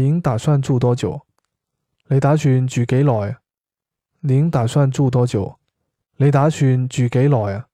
您打算住多久？你打算住幾耐？您打算住多久？你打算住幾耐啊？